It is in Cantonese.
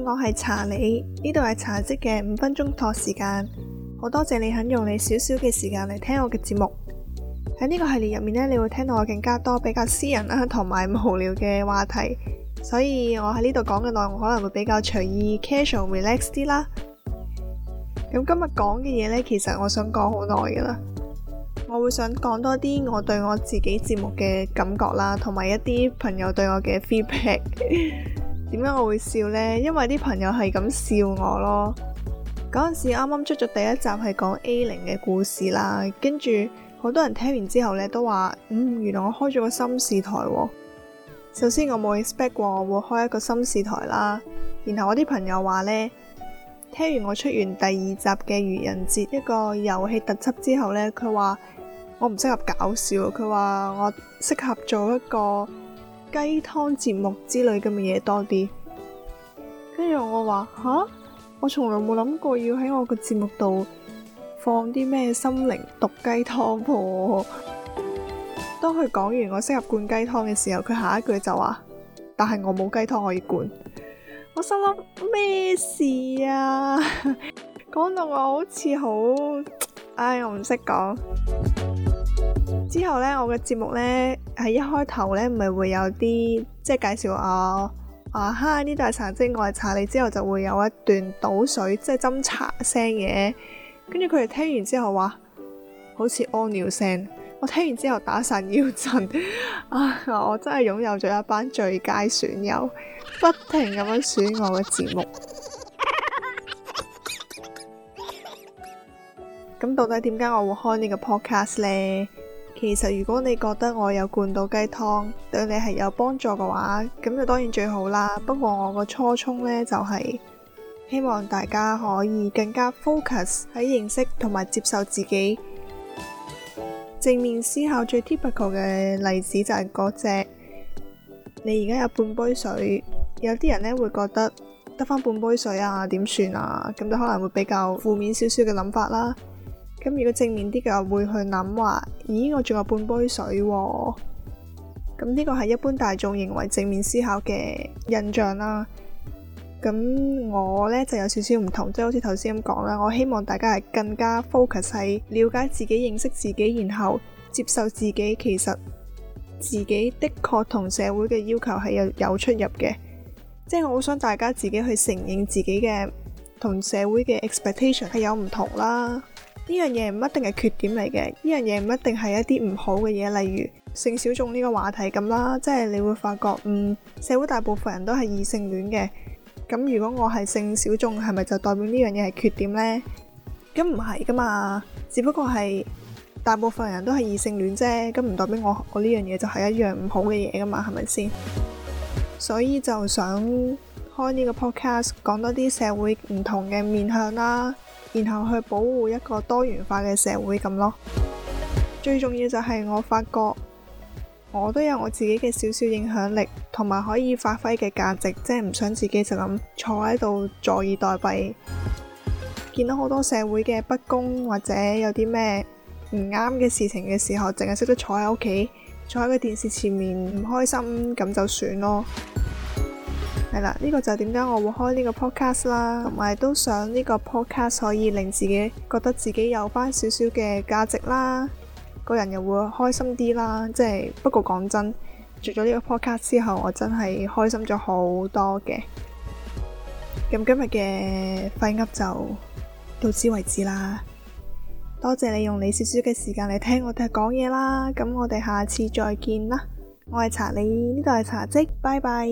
我係查理，呢度係查職嘅五分鐘托時間。好多謝你肯用你少少嘅時間嚟聽我嘅節目。喺呢個系列入面呢，你會聽到我更加多比較私人啦同埋無聊嘅話題，所以我喺呢度講嘅內容可能會比較隨意、casual、relaxed 啲啦。咁今日講嘅嘢呢，其實我想講好耐噶啦。我會想講多啲我對我自己節目嘅感覺啦，同埋一啲朋友對我嘅 feedback。 點解我會笑呢？因為啲朋友係咁笑我咯。嗰陣時啱啱出咗第一集係講 A0 嘅故事啦，跟住好多人聽完之後咧都話：嗯，原來我開咗個心事台喎。首先我冇 expect 過我會開一個心事台啦。然後我啲朋友話呢，聽完我出完第二集嘅愚人節一個遊戲特輯之後呢，佢話我唔適合搞笑，佢話我適合做一個。雞湯節目之類咁嘅嘢多啲，跟住我話吓，我從來冇諗過要喺我嘅節目度放啲咩心靈毒雞湯噃。當佢講完我適合灌雞湯嘅時候，佢下一句就話：但係我冇雞湯可以灌。我心諗咩事啊？講 到我好似好，唉，我唔識講。之後呢，我嘅節目呢，喺一開頭呢唔係會有啲即係介紹我啊，啊哈呢度茶即係我係茶你之後，就會有一段倒水即係斟茶聲嘅，跟住佢哋聽完之後話好似屙尿聲，我聽完之後打散腰震。 啊我真係擁有咗一班最佳損友，不停咁樣損我嘅節目。咁 到底點解我會開呢個 podcast 呢？其實如果你覺得我有灌到雞湯，對你係有幫助嘅話，咁就當然最好啦。不過我個初衷呢，就係希望大家可以更加 focus 喺認識同埋接受自己。正面思考最 typical 嘅例子就係嗰隻，你而家有半杯水，有啲人呢會覺得得翻半杯水啊，點算啊？咁就可能會比較負面少少嘅諗法啦。咁如果正面啲嘅，我會去諗話：咦，我仲有半杯水喎，啊。咁呢個係一般大眾認為正面思考嘅印象啦。咁、嗯、我呢，就有少少唔同，即係好似頭先咁講啦。我希望大家係更加 focus 喺，了解自己、認識自己，然後接受自己。其實自己的確同社會嘅要求係有有出入嘅，即係我好想大家自己去承認自己嘅同社會嘅 expectation 係有唔同啦。呢樣嘢唔一定係缺點嚟嘅，呢樣嘢唔一定係一啲唔好嘅嘢，例如性小眾呢個話題咁啦，即係你會發覺，嗯，社會大部分人都係異性戀嘅，咁如果我係性小眾，係咪就代表呢樣嘢係缺點呢？咁唔係噶嘛，只不過係大部分人都係異性戀啫，咁唔代表我我呢樣嘢就係一樣唔好嘅嘢噶嘛，係咪先？所以就想開呢個 Podcast 講多啲社會唔同嘅面向啦。然後去保護一個多元化嘅社會咁咯。最重要就係我發覺，我都有我自己嘅少少影響力，同埋可以發揮嘅價值，即係唔想自己就咁坐喺度坐以待斃。見到好多社會嘅不公或者有啲咩唔啱嘅事情嘅時候，淨係識得坐喺屋企，坐喺個電視前面唔開心咁就算咯。係啦，呢個就點解我會開呢個 podcast 啦，同埋都想呢個 podcast 可以令自己覺得自己有翻少少嘅價值啦，個人又會開心啲啦。即係不過講真，做咗呢個 podcast 之後，我真係開心咗好多嘅。咁今日嘅廢噏就到此為止啦。多謝你用你少少嘅時間嚟聽我哋講嘢啦。咁我哋下次再見啦。我係查理，呢度係茶職，拜拜。